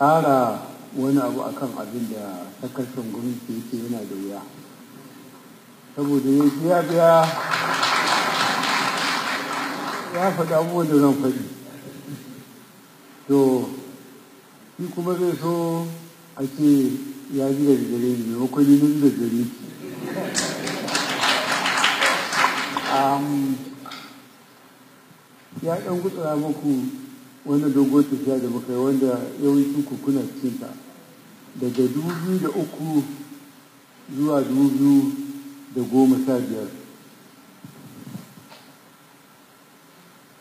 ƙara wani abu akan abin da sakashin gwamnati yake yana da wuya saboda ya biya biya ya fi abubuwan da zan faɗi to shi kuma zai so a ce ya ji da gare ni maimakon ni da gare ya ɗan gutsura muku wannan dogon tafiya da muka yi wanda yawancin ku kuna cinta daga dubu da uku zuwa dubu da goma sha biyar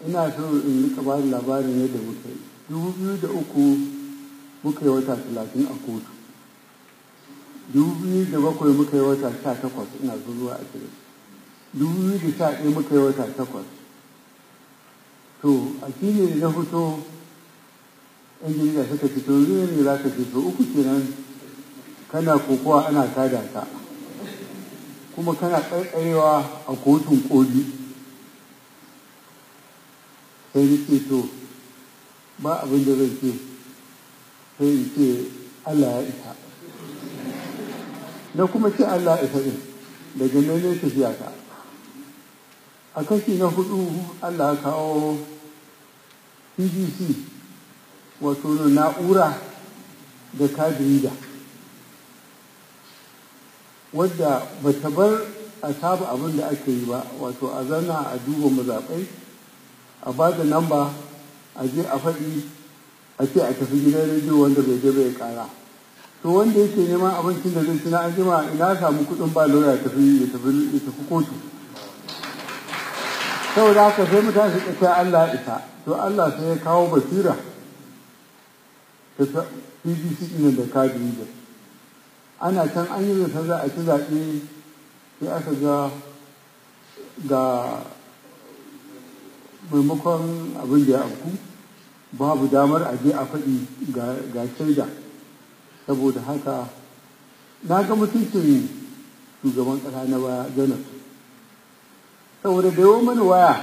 ina so in rika ba da labarin yadda muka yi dubu biyu da uku muka yi wata talatin a kotu dubu biyu da bakwai muka yi wata sha takwas ina zuwa zuwa ashirin dubu biyu da sha ɗaya muka yi wata takwas to a ne na fito yan jirga saka fito zuwa ne za ka fito uku kenan kana kokowa ana tada ta kuma kana ƙarƙarewa a kotun ƙoli sai nake to ba abin da zai ce sai ni ce Allah ya isa na kuma ce Allah ya isa ne daga nan ne tafiya ta a kashi na hudu Allah ya kawo pvc wato na'ura da kadirida wadda ba ta bar a saba abin da ake yi ba wato a zana a duba mazaɓai a ba da namba a je a faɗi a ce a tafi gidan rediyo wanda bai je bai ƙara to wanda yake neman abincin da zai ci na an jima ina samu kuɗin ba lura ya tafi kotu saboda haka sai mutane su kai Allah isa to Allah sai ya kawo basira ta PDC ne da kadin da ana can an yi zata za a ci zaɓe sai aka ga ga maimakon abin da ya afku babu damar a je a faɗi ga shaida saboda haka na ga mutuncin shugaban ƙasa na baya janar saboda da yawa mani waya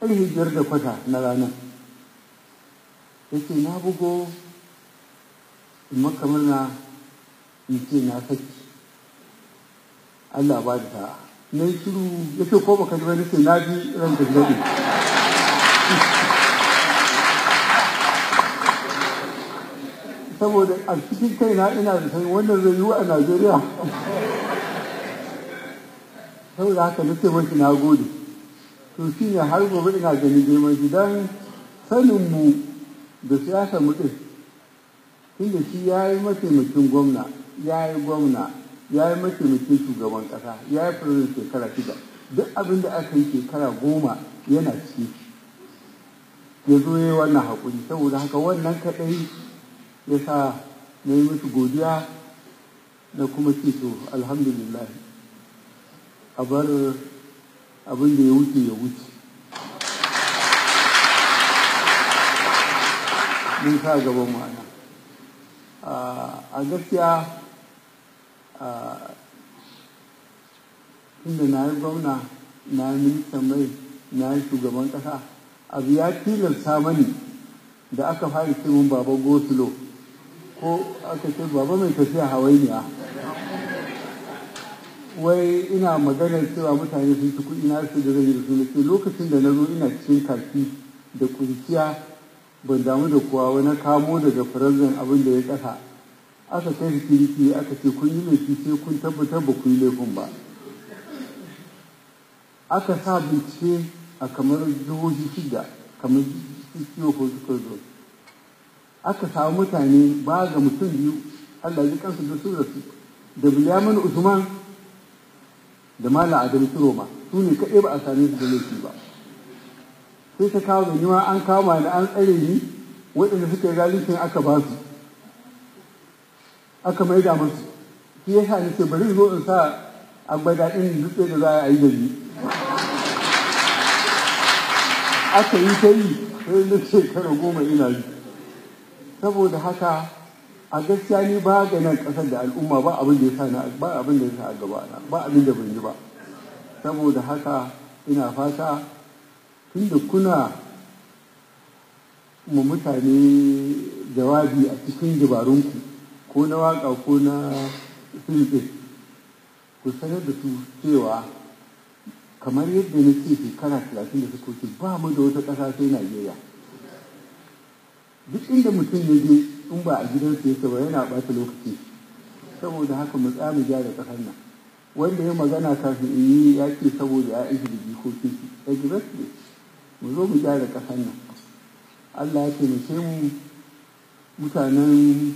kan hijiyar da kwata na ranar yake na bugo in makamar na in ce na saki Allah ba da ta'a na yi shiru ya ce ko baka zuwa nake na ji ran da saboda a cikin kai na ina da san wannan zai a Najeriya saboda haka nake mashi na gode to shi ne har gobe ina ganin girman shi don sanin mu da siyasa mutum tun da shi ya yi mataimakin gwamna ya yi gwamna ya yi mataimakin shugaban ƙasa ya yi firin shekara shida duk abin da aka yi shekara goma yana ciki ya zo ya yi wannan haƙuri saboda haka wannan kaɗai ya sa na yi musu godiya na kuma ce to alhamdulillah a bar abin da ya wuce ya wuce mun sa gaban ma'ana a gaskiya da na yi gwamna na yi ministan mai na yi shugaban ƙasa abu ya tilasta mani da aka fara ce mun baba gosulo ko aka ce baba mai tafiya hawainiya wai ina maganar cewa mutane sun ci kuɗi na su da zai yi da su lokacin da na zo ina cikin kaki da kunciya ban damu da kowa wani kamo daga firazin abin da ya ƙasa aka kai sikiriki aka ce kun yi shi sai kun tabbatar ba kun yi laifin ba aka sa bincike a kamar jihohi shida kamar cikin ko suka zo aka samu mutane ba ga mutum biyu Allah ya kansu da su da su da Biliyamin Usman da mala adam roma su ne kaɗai ba a same su da laifi ba sai ta kawo ni ma an kama da an tsare ni waɗanda suka yi aka ba su aka maida musu shi yasa ni ce bari zo in sa agbada ɗin dutse da za a yi da ni aka yi ta yi sai na shekara goma ina yi saboda haka a gaskiya ni ba ga nan kasar da al'umma ba abin da ya sa a gaba na ba abin da ban yi ba saboda haka ina fata tunda kuna mu mutane jawabi a cikin dabarunku ko na waka ko na filifin ku sanar da su cewa kamar yadda na ce shekara talatin da suka wuce ba mu da wata ƙasa sai najeriya duk inda mutum ya je in ba a su yake ba yana ɓata lokaci saboda haka mu tsamu gyara ƙasar nan wanda ya magana kafin in yi ya ce saboda ya ishi da jikokin su exactly mu zo mu gyara ƙasar nan Allah ya taimake mu mutanen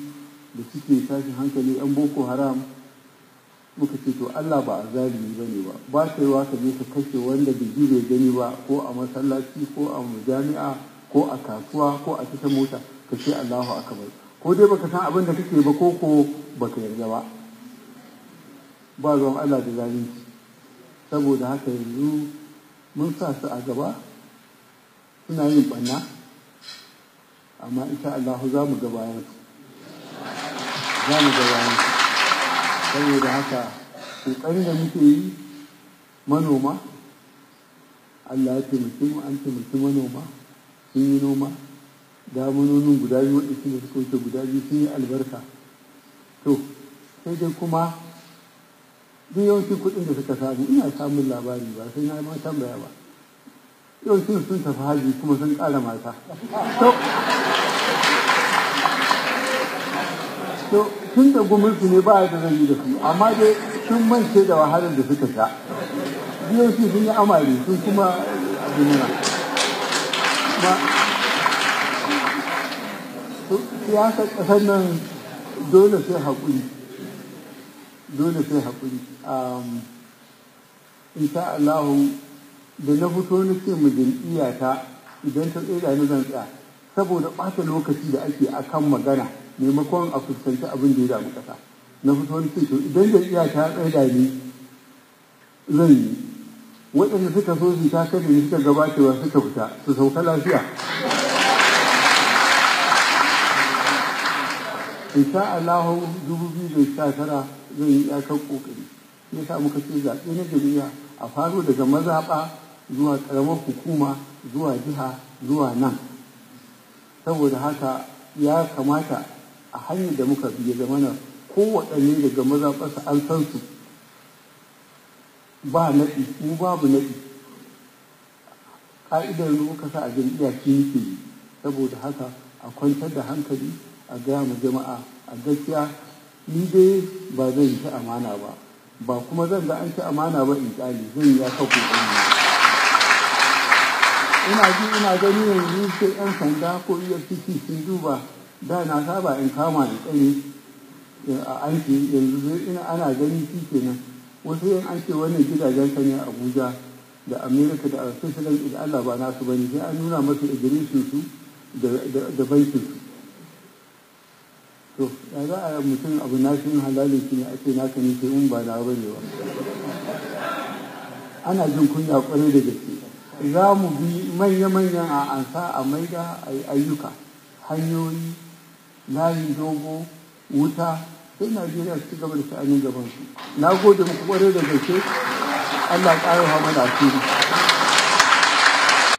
da suke tashin hankali yan boko haram muka ce to Allah ba a zalimi ba ne ba ba sai wa ka je ka kashe wanda bai ji bai gani ba ko a masallaci ko a jami'a ko a kasuwa ko a cikin mota ka ce Allahu akbar ko dai baka san abin da kake ba ko ko baka yarda ba ba ruwan Allah da zalunci saboda haka yanzu mun sa su a gaba suna yin banna amma insha Allah za mu ga bayan za mu ga bayan saboda haka ƙoƙarin da muke yi manoma Allah ya taimaki mu an taimaki manoma sun yi noma damunonin guda biyu waɗanda da suka wuce guda biyu sun yi albarka to sai dai kuma duk yawanci kuɗin da suka samu ina samun labari ba sai na ma tambaya ba yau sun tafi haji kuma sun ƙara mata to sun da gumunsu ne ba da zai yi da su amma dai sun mance da wahalar da suka sha biyan sun yi amari sun kuma abin siyasar ƙasar nan dole sai haƙuri dole sai haƙuri insha Allah da na fito na ce mu jam'iyya ta idan ta tsira ni zan tsaya saboda ɓata lokaci da ake akan magana maimakon a fuskanci abin da ya damu ƙasa na fito na ce to idan jam'iyya ta tsira ni zan yi waɗanda suka so su ta kashe suka gabacewa suka fita su sauka lafiya insha Allah dubu biyu da sha tara zan yi iyakar ƙoƙari ya sa muka ce zaɓe na jami'a a faro daga mazaɓa zuwa ƙaramar hukuma zuwa jiha zuwa nan saboda haka ya kamata a hanyar da muka biya zamana kowaɗanne daga mazaɓarsa an san su ba naɗi mu babu naɗi ƙa'idar muka sa a jam'iyya shi saboda haka a kwantar da hankali a gaya ma jama'a a gaskiya ni dai ba zan ci amana ba ba kuma zan ga an ci amana ba in ƙali zan yi ya kafa ina ji ina gani yanzu sai 'yan sanda ko iya e fiki sun duba da na saba in kama in tsani a aiki yanzu ina ana gani shi kenan wasu yin an wannan gidajen sa ne abuja da amerika da alfisirin da allah ba nasu ba ne sai an nuna masu idrisin su da bankin su to ya za a mutum abu shi yin shi ne ake naka ne sai in ba na ba ne ba ana jin kunya kwarai da gaske za mu bi manya-manyan a ansa a maida ayyuka hanyoyi layin dogo wuta sai najeriya su ci gaba da sa'anin gabansu na gode muku kwarai da gaske allah ƙara mana asiri